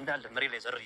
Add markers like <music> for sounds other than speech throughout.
እንዳለ መሬት ላይ ዘር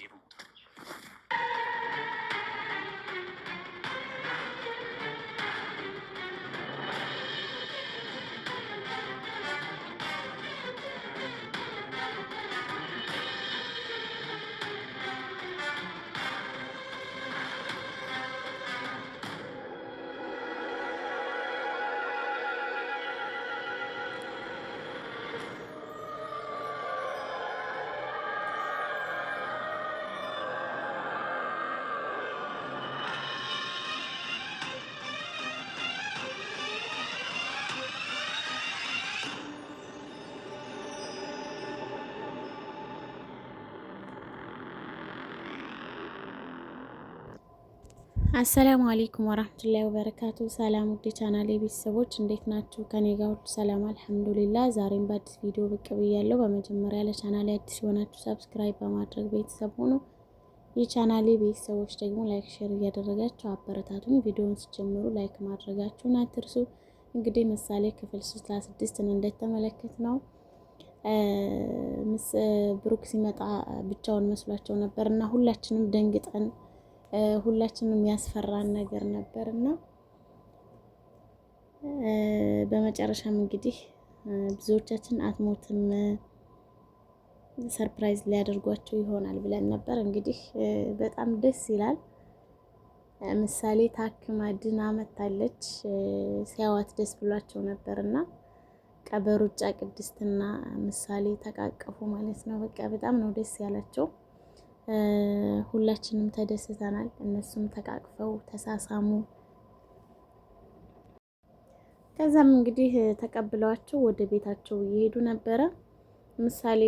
አሰላሙ አሌይኩም ወራህመቱላሂ ወበረካቱ። ሰላም ውድ ቻናሌ ቤተሰቦች እንዴት ናችሁ? ከኔ ጋር ሁሉ ሰላም አልሐምዱሊላ። ዛሬም በአዲስ ቪዲዮ ብቅ ብያለሁ። በመጀመሪያ ለቻናሌ አዲስ የሆናችሁ ሰብስክራይብ በማድረግ ቤተሰብ ሆኑ። የቻናሌ ቤተሰቦች ደግሞ ላይክ፣ ሼር እያደረጋችሁ አበረታቱን። ቪዲዮውን ሲጀምሩ ላይክ ማድረጋችሁን አትርሱ። እንግዲህ ምሳሌ ክፍል 36ን እንደተመለከት ነው ብሩክ ሲመጣ ብቻውን መስሏቸው ነበር እና ሁላችንም ደንግጠን ሁላችንም ያስፈራን ነገር ነበር እና በመጨረሻም እንግዲህ ብዙዎቻችን አትሞትም ሰርፕራይዝ ሊያደርጓቸው ይሆናል ብለን ነበር። እንግዲህ በጣም ደስ ይላል። ምሳሌ ታክማ ድና መታለች። ሲያዋት ደስ ብሏቸው ነበር እና ቀበሩጫ ቅድስትና ምሳሌ ተቃቀፉ ማለት ነው። በቃ በጣም ነው ደስ ያላቸው። ሁላችንም ተደስተናል። እነሱም ተቃቅፈው ተሳሳሙ። ከዛም እንግዲህ ተቀብለዋቸው ወደ ቤታቸው እየሄዱ ነበረ። ምሳሌ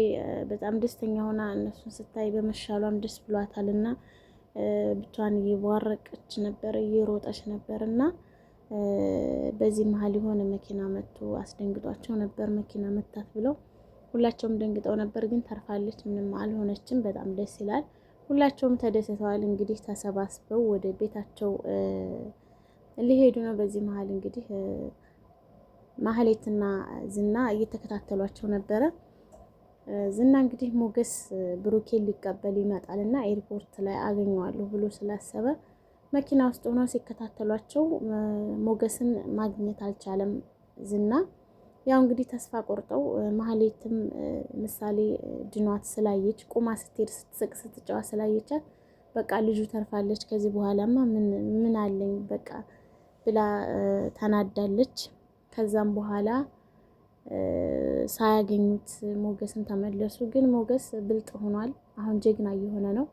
በጣም ደስተኛ ሆና እነሱን ስታይ በመሻሏም ደስ ብሏታል እና ብቻዋን እየቧረቀች ነበር፣ እየሮጠች ነበር እና በዚህ መሀል የሆነ መኪና መጥቶ አስደንግጧቸው ነበር። መኪና መታት ብለው ሁላቸውም ደንግጠው ነበር፣ ግን ተርፋለች፣ ምንም አልሆነችም። በጣም ደስ ይላል። ሁላቸውም ተደስተዋል። እንግዲህ ተሰባስበው ወደ ቤታቸው ሊሄዱ ነው። በዚህ መሀል እንግዲህ ማህሌትና ዝና እየተከታተሏቸው ነበረ። ዝና እንግዲህ ሞገስ ብሩኬን ሊቀበል ይመጣል እና ኤርፖርት ላይ አገኘዋለሁ ብሎ ስላሰበ መኪና ውስጥ ሆኖ ሲከታተሏቸው ሞገስን ማግኘት አልቻለም ዝና ያው እንግዲህ ተስፋ ቆርጠው ማህሌትም ምሳሌ ድኗት ስላየች ቁማ ስትሄድ ስትስቅ ስትጫዋ ስላየቻት በቃ ልጁ ተርፋለች፣ ከዚህ በኋላማ ምን አለኝ በቃ ብላ ተናዳለች። ከዛም በኋላ ሳያገኙት ሞገስን ተመለሱ። ግን ሞገስ ብልጥ ሆኗል። አሁን ጀግና እየሆነ ነው።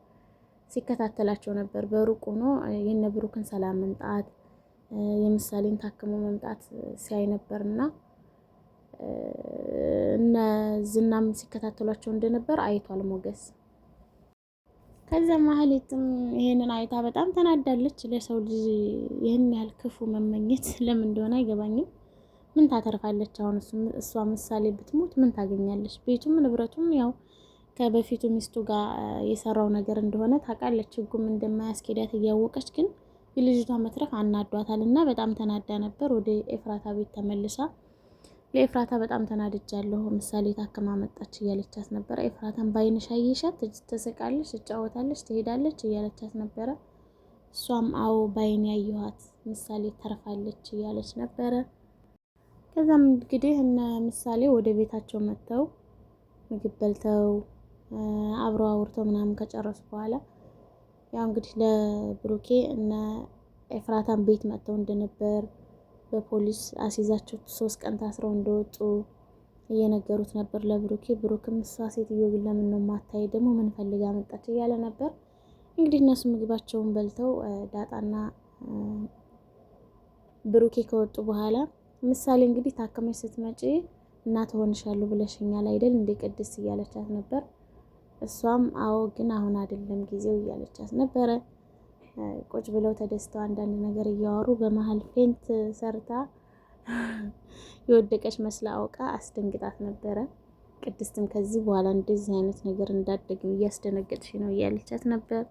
ሲከታተላቸው ነበር በሩቅ ሆኖ የነብሩክን ሰላም መምጣት የምሳሌን ታክሞ መምጣት ሲያይ ነበርና እነ ዝናም ሲከታተሏቸው እንደነበር አይቷል ሞገስ። ከዛ ማህሌትም ይሄንን አይታ በጣም ተናዳለች። ለሰው ልጅ ይህን ያህል ክፉ መመኘት ለምን እንደሆነ አይገባኝም። ምን ታተርፋለች? አሁን እሷ ምሳሌ ብትሞት ምን ታገኛለች? ቤቱም ንብረቱም ያው ከበፊቱ ሚስቱ ጋር የሰራው ነገር እንደሆነ ታውቃለች። ህጉም እንደማያስኬዳት እያወቀች ግን የልጅቷ መትረፍ አናዷታል እና በጣም ተናዳ ነበር። ወደ ኤፍራታ ቤት ተመልሳ ለኤፍራታ በጣም ተናድጃለሁ። ምሳሌ ታክማ መጣች እያለቻት ነበረ። ኤፍራታን ባይንሽ አየሻት? ትስቃለች፣ ትጫወታለች፣ ትሄዳለች እያለቻት ነበረ። እሷም አዎ ባይን ያየኋት ምሳሌ ተርፋለች እያለች ነበረ። ከዛም እንግዲህ እነ ምሳሌ ወደ ቤታቸው መጥተው ምግብ በልተው አብረው አውርተው ምናምን ከጨረሱ በኋላ ያው እንግዲህ ለብሩኬ እነ ኤፍራታን ቤት መጥተው እንደነበር በፖሊስ አስይዛቸው ሶስት ቀን ታስረው እንደወጡ እየነገሩት ነበር ለብሩኬ። ብሩክም እሷ ሴትዮ ግን ለምን ነው ማታይ ደግሞ ምን ፈልጋ መጣች እያለ ነበር። እንግዲህ እነሱ ምግባቸውን በልተው ዳጣና ብሩኬ ከወጡ በኋላ ምሳሌ እንግዲህ ታከመች ስትመጪ እና ትሆንሻለሁ ብለሽኛል አይደል እንዴ ቅድስት እያለቻት ነበር። እሷም አዎ ግን አሁን አይደለም ጊዜው እያለቻት ነበረ። ቁጭ ብለው ተደስተው አንዳንድ ነገር እያወሩ በመሀል ፌንት ሰርታ <laughs> የወደቀች መስላ አውቃ አስደንግጣት ነበረ። ቅድስትም ከዚህ በኋላ እንደዚህ አይነት ነገር እንዳደግም እያስደነገጥሽ ነው እያለቻት ነበር።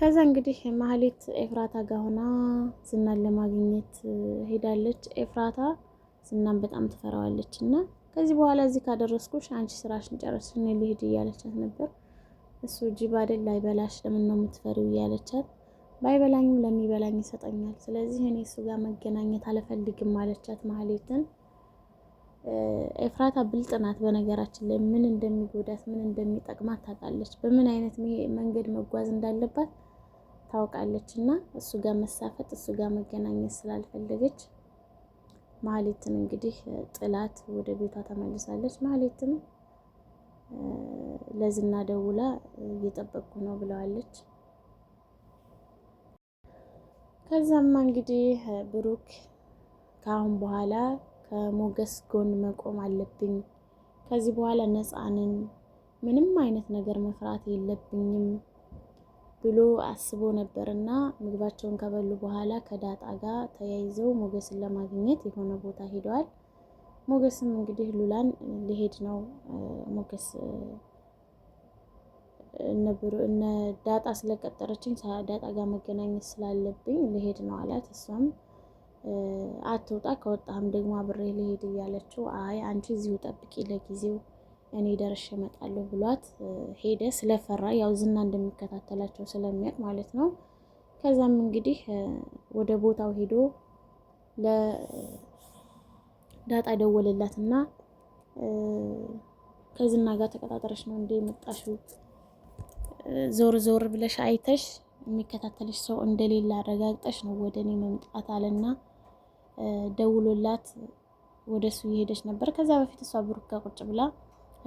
ከዛ እንግዲህ ማህሌት ኤፍራታ ጋር ሆና ዝናን ለማግኘት ሄዳለች። ኤፍራታ ዝናን በጣም ትፈራዋለች እና ከዚህ በኋላ እዚህ ካደረስኩሽ አንቺ ስራሽን ጨረስሽ ልሂድ እያለቻት ነበር። እሱ ጅብ አይደል ላይበላሽ ለምን ነው የምትፈሪው እያለቻት ባይበላኝም ለሚበላኝ ይሰጠኛል፣ ስለዚህ እኔ እሱ ጋር መገናኘት አልፈልግም አለቻት ማህሌትን። ኤፍራታ ብልጥ ናት። በነገራችን ላይ ምን እንደሚጎዳት ምን እንደሚጠቅማት ታውቃለች። በምን አይነት መንገድ መጓዝ እንዳለባት ታውቃለች። እና እሱ ጋር መሳፈጥ እሱ ጋር መገናኘት ስላልፈለገች ማህሌትን እንግዲህ ጥላት ወደ ቤቷ ተመልሳለች። ማህሌትም ለዝና ደውላ እየጠበቅኩ ነው ብለዋለች። ከዛማ እንግዲህ ብሩክ ከአሁን በኋላ ከሞገስ ጎን መቆም አለብኝ፣ ከዚህ በኋላ ነፃንን ምንም አይነት ነገር መፍራት የለብኝም ብሎ አስቦ ነበርና ምግባቸውን ከበሉ በኋላ ከዳጣ ጋር ተያይዘው ሞገስን ለማግኘት የሆነ ቦታ ሄደዋል። ሞገስም እንግዲህ ሉላን ሊሄድ ነው። ሞገስ እነ ዳጣ ስለቀጠረችኝ ዳጣ ጋር መገናኘት ስላለብኝ ሊሄድ ነው አላት። እሷም አትውጣ፣ ከወጣህም ደግሞ አብሬ ሊሄድ እያለችው አይ አንቺ እዚሁ ጠብቂ ለጊዜው እኔ ደርሼ እመጣለሁ ብሏት ሄደ። ስለፈራ ያው ዝና እንደሚከታተላቸው ስለሚያውቅ ማለት ነው። ከዛም እንግዲህ ወደ ቦታው ሄዶ ዳጣ ደወለላት እና ከዝና ጋር ተቀጣጥረሽ ነው እንደ የመጣሽው ዞር ዞር ብለሽ አይተሽ የሚከታተልሽ ሰው እንደሌለ አረጋግጠሽ ነው ወደ እኔ መምጣት አለና ደውሎላት ወደ እሱ እየሄደች ነበር። ከዛ በፊት እሷ ብሩክ ጋር ቁጭ ብላ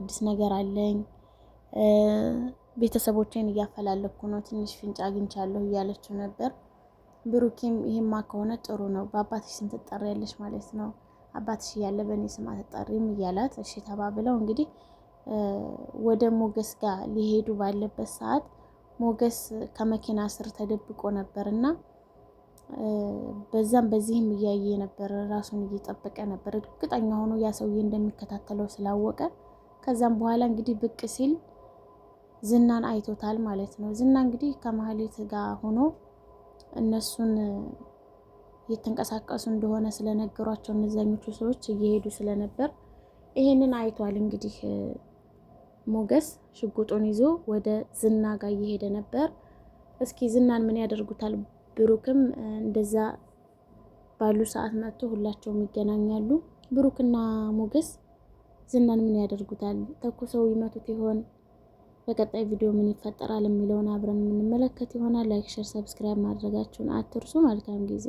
አዲስ ነገር አለኝ ቤተሰቦቼን እያፈላለኩ ነው ትንሽ ፍንጭ አግኝቻለሁ እያለችው ነበር። ብሩኬም ይሄማ ከሆነ ጥሩ ነው በአባትሽ ስም ትጠሪያለሽ ማለት ነው አባትሽ እያለ በእኔ ስም አትጠሪም እያላት እሺ ተባብለው እንግዲህ ወደ ሞገስ ጋር ሊሄዱ ባለበት ሰዓት ሞገስ ከመኪና ስር ተደብቆ ነበር እና በዛም በዚህም እያየ ነበር፣ ራሱን እየጠበቀ ነበር። እርግጠኛ ሆኖ ያ ሰውዬ እንደሚከታተለው ስላወቀ ከዛም በኋላ እንግዲህ ብቅ ሲል ዝናን አይቶታል ማለት ነው። ዝና እንግዲህ ከማህሌት ጋር ሆኖ እነሱን እየተንቀሳቀሱ እንደሆነ ስለነገሯቸው እነዚያኞቹ ሰዎች እየሄዱ ስለነበር ይሄንን አይቷል። እንግዲህ ሞገስ ሽጉጡን ይዞ ወደ ዝና ጋር እየሄደ ነበር። እስኪ ዝናን ምን ያደርጉታል? ብሩክም እንደዛ ባሉ ሰዓት መጥቶ ሁላቸውም ይገናኛሉ። ብሩክና ሞገስ ዝናን ምን ያደርጉታል? ተኩሰው ይመቱት ይሆን? በቀጣይ ቪዲዮ ምን ይፈጠራል የሚለውን አብረን የምንመለከት ይሆናል። ላይክ፣ ሸር፣ ሰብስክራይብ ማድረጋችሁን አትርሱ። መልካም ጊዜ